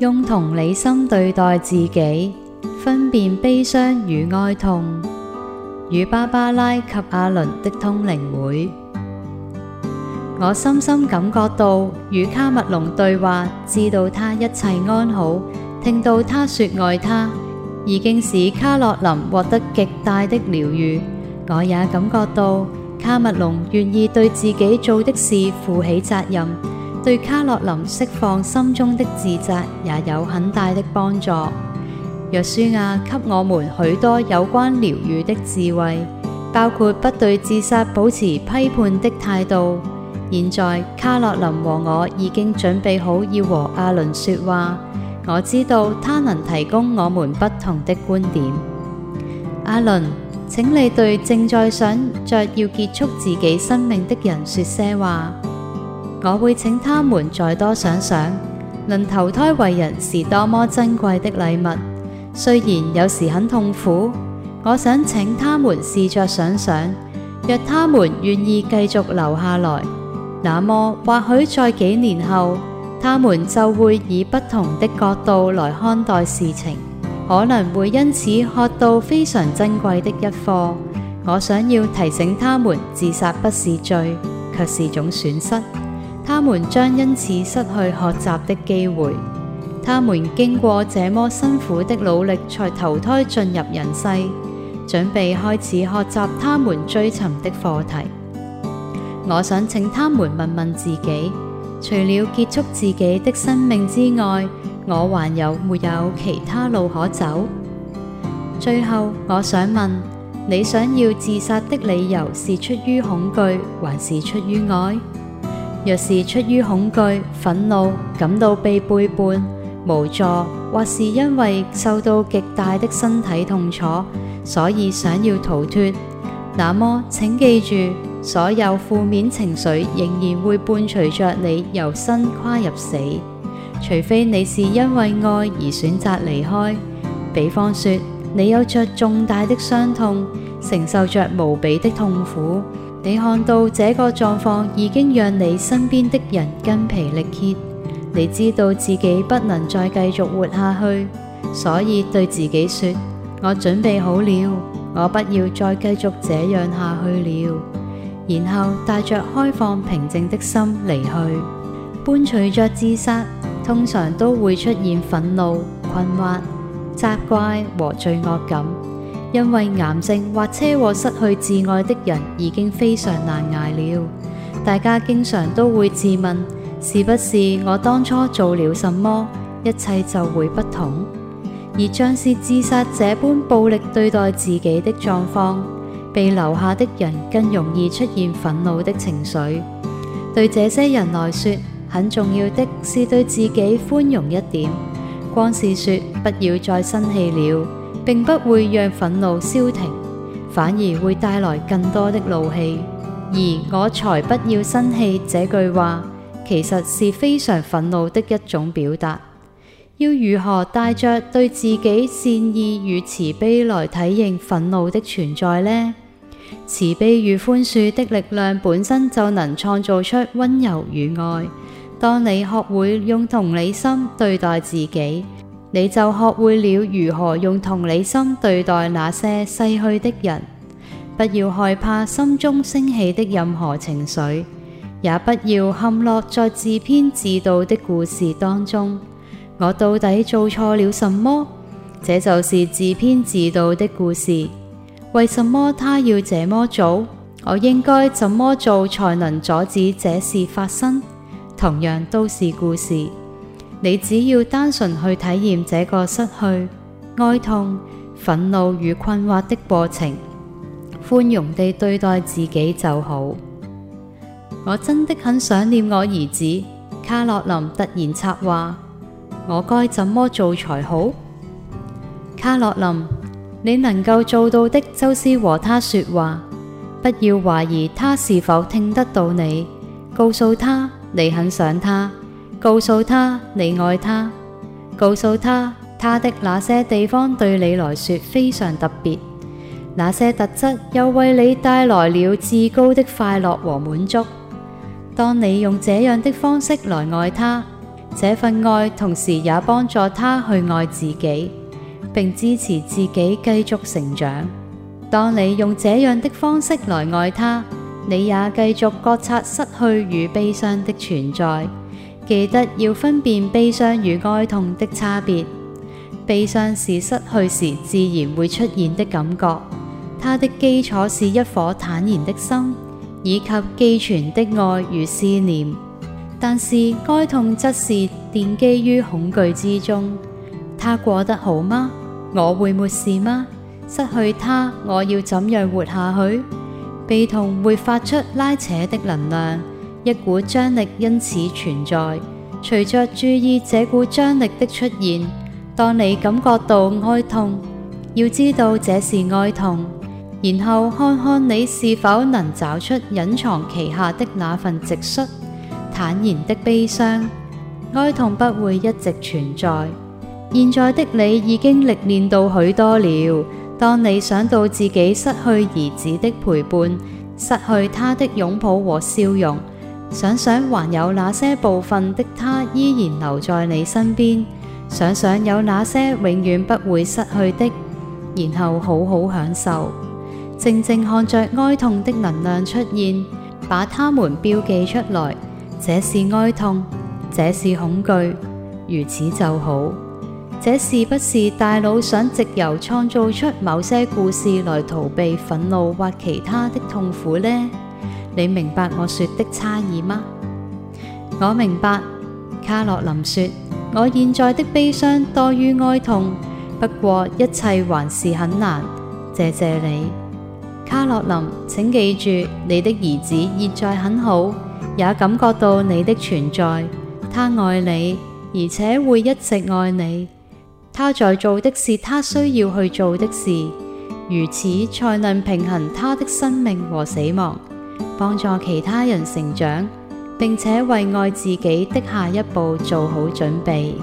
用同理心對待自己，分辨悲傷與哀痛，與芭芭拉及阿倫的通靈會，我深深感覺到與卡麥隆對話，知道他一切安好，聽到他說愛他，已經使卡洛琳獲得極大的療癒。我也感覺到卡麥隆願意對自己做的事負起責任。對卡洛琳釋放心中的自責也有很大的幫助。約書亞、啊、給我們許多有關療愈的智慧，包括不對自殺保持批判的態度。現在卡洛琳和我已經準備好要和阿倫說話。我知道他能提供我們不同的觀點。阿倫，請你對正在想着要結束自己生命的人說些話。我會請他們再多想想，能投胎為人是多麼珍貴的禮物。雖然有時很痛苦，我想請他們試着想想，若他們願意繼續留下來，那麼或許在幾年後，他們就會以不同的角度來看待事情，可能會因此學到非常珍貴的一課。我想要提醒他們，自殺不是罪，卻是種損失。他們將因此失去學習的機會。他們經過這麼辛苦的努力，才投胎進入人世，準備開始學習他們追尋的課題。我想請他們問問自己：除了結束自己的生命之外，我還有沒有其他路可走？最後，我想問：你想要自殺的理由是出於恐懼，還是出於愛？若是出於恐懼、憤怒、感到被背叛、無助，或是因為受到極大的身體痛楚，所以想要逃脫，那麼請記住，所有負面情緒仍然會伴隨着你由生跨入死，除非你是因為愛而選擇離開。比方說，你有着重大的傷痛，承受着無比的痛苦。你看到這個狀況已經讓你身邊的人筋疲力竭，你知道自己不能再繼續活下去，所以對自己說，我準備好了，我不要再繼續這樣下去了。然後帶着開放平靜的心離去。伴隨着自殺，通常都會出現憤怒、困惑、責怪和罪惡感。因為癌症或車禍失去摯愛的人已經非常難捱了，大家經常都會自問，是不是我當初做了什麼，一切就會不同？而像是自殺這般暴力對待自己的狀況，被留下的人更容易出現憤怒的情緒。對這些人來說，很重要的是對自己寬容一點，光是說不要再生氣了。並不會讓憤怒消停，反而會帶來更多的怒氣。而我才不要生氣這句話，其實是非常憤怒的一種表達。要如何帶着對自己善意與慈悲來體認憤怒的存在呢？慈悲與寬恕的力量本身就能創造出溫柔與愛。當你學會用同理心對待自己。你就學會了如何用同理心對待那些逝去的人。不要害怕心中升起的任何情緒，也不要陷落在自編自導的故事當中。我到底做錯了什麼？這就是自編自導的故事。為什麼他要這麼做？我應該怎麼做才能阻止這事發生？同樣都是故事。你只要單純去體驗這個失去、哀痛、憤怒與困惑的過程，寬容地對待自己就好。我真的很想念我兒子。卡洛琳突然插話：我該怎麼做才好？卡洛琳，你能夠做到的，就是和他說話，不要懷疑他是否聽得到你，告訴他你很想他。告訴他你愛他，告訴他他的那些地方對你來說非常特別，那些特質又為你帶來了至高的快樂和滿足。當你用這樣的方式來愛他，這份愛同時也幫助他去愛自己，並支持自己繼續成長。當你用這樣的方式來愛他，你也繼續覺察失去與悲傷的存在。記得要分辨悲傷與哀痛的差別。悲傷是失去時自然會出現的感覺，它的基礎是一顆坦然的心，以及寄存的愛與思念。但是哀痛則是奠基於恐懼之中。他過得好嗎？我會沒事嗎？失去他，我要怎樣活下去？悲痛會發出拉扯的能量。一股張力因此存在。隨着注意這股張力的出現，當你感覺到哀痛，要知道這是哀痛，然後看看你是否能找出隱藏其下的那份直率、坦然的悲傷。哀痛不會一直存在。現在的你已經歷練到許多了。當你想到自己失去兒子的陪伴，失去他的擁抱和笑容，想想還有哪些部分的他依然留在你身邊，想想有哪些永遠不會失去的，然後好好享受，靜靜看着哀痛的能量出現，把它們標記出來。這是哀痛，這是恐懼，如此就好。這是不是大腦想藉由創造出某些故事來逃避憤怒或其他的痛苦呢？你明白我說的差異嗎？我明白，卡洛琳說，我現在的悲傷多於哀痛，不過一切還是很難。謝謝你，卡洛琳，請記住，你的兒子現在很好，也感覺到你的存在，他愛你，而且會一直愛你。他在做的是他需要去做的事，如此才能平衡他的生命和死亡。幫助其他人成長，並且為愛自己的下一步做好準備。